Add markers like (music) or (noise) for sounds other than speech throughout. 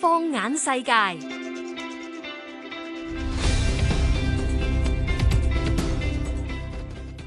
放眼世界，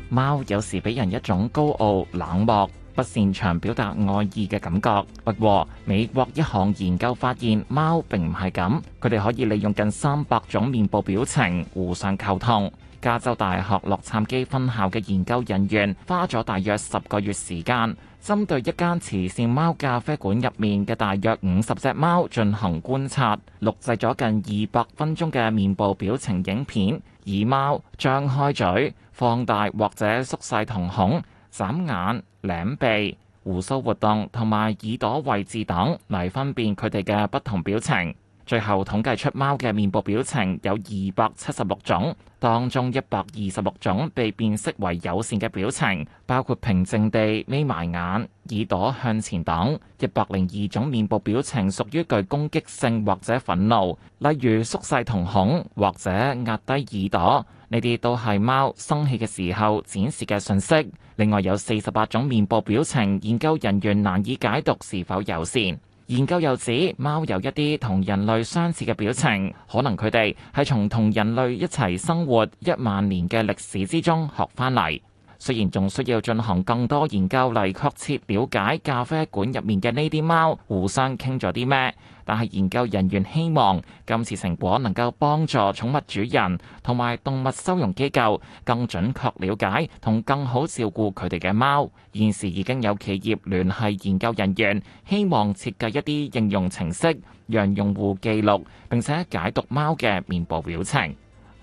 貓有時俾人一種高傲、冷漠、不擅長表達愛意嘅感覺。不過，美國一項研究發現貓，貓並唔係咁，佢哋可以利用近三百種面部表情互相溝通。加州大學洛杉磯分校嘅研究人員花咗大約十個月時間，針對一間慈善貓咖啡館入面嘅大約五十隻貓進行觀察，錄製咗近二百分鐘嘅面部表情影片，以貓張開嘴、放大或者縮細瞳孔、眨眼、舐鼻鬍鬚活動同埋耳朵位置等嚟分辨佢哋嘅不同表情。最後統計出貓嘅面部表情有二百七十六種，當中一百二十六種被辨識為友善嘅表情，包括平靜地眯埋眼、耳朵向前等；一百零二種面部表情屬於具攻擊性或者憤怒，例如縮細瞳孔或者壓低耳朵，呢啲都係貓生氣嘅時候展示嘅訊息。另外有四十八種面部表情，研究人員難以解讀是否友善。研究又指，貓有一啲同人類相似嘅表情，可能佢哋係從同人類一齊生活一萬年嘅歷史之中學返嚟。雖然仲需要進行更多研究嚟確切了解咖啡館入面嘅呢啲貓互相傾咗啲咩，但係研究人員希望今次成果能夠幫助寵物主人同埋動物收容機構更準確了解同更好照顧佢哋嘅貓。現時已經有企業聯繫研究人員，希望設計一啲應用程式，讓用戶記錄，並且解讀貓嘅面部表情。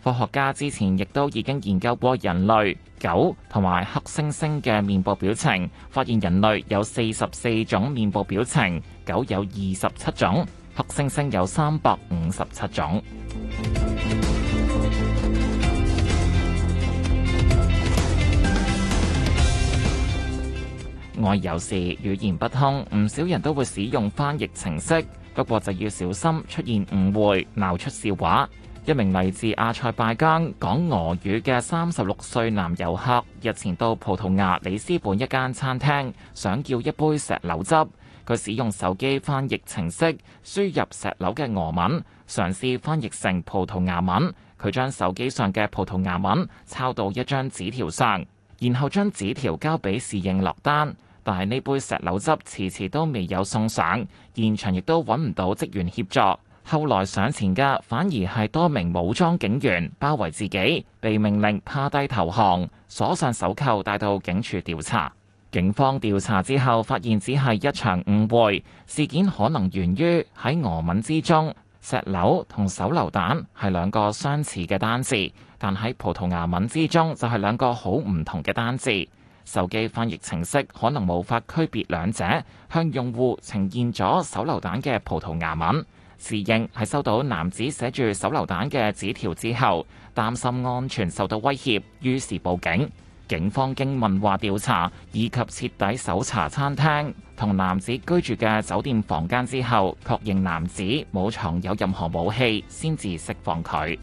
科學家之前亦都已經研究過人類、狗同埋黑猩猩嘅面部表情，發現人類有四十四種面部表情，狗有二十七種，黑猩猩有三百五十七種。 (music) 外遊時語言不通，唔少人都會使用翻譯程式，不過就要小心出現誤會，鬧出笑話。一名嚟自阿塞拜疆、講俄語嘅三十六歲男遊客，日前到葡萄牙里斯本一間餐廳，想叫一杯石榴汁。佢使用手機翻譯程式輸入石榴嘅俄文，嘗試翻譯成葡萄牙文。佢將手機上嘅葡萄牙文抄到一張紙條上，然後將紙條交俾侍應落單，但係呢杯石榴汁遲遲都未有送上，現場亦都揾唔到職員協助。後來上前嘅反而係多名武裝警員包圍自己，被命令趴低投降，鎖上手扣，帶到警署調查。警方調查之後發現，只係一場誤會，事件可能源於喺俄文之中，石榴同手榴彈係兩個相似嘅單字，但喺葡萄牙文之中就係兩個好唔同嘅單字。手機翻譯程式可能無法區別兩者，向用戶呈現咗手榴彈嘅葡萄牙文。侍應係收到男子寫住手榴彈嘅紙條之後，擔心安全受到威脅，於是報警。警方經問話調查，以及徹底搜查餐廳，同男子居住嘅酒店房間之後，確認男子冇藏有任何武器，先至釋放佢。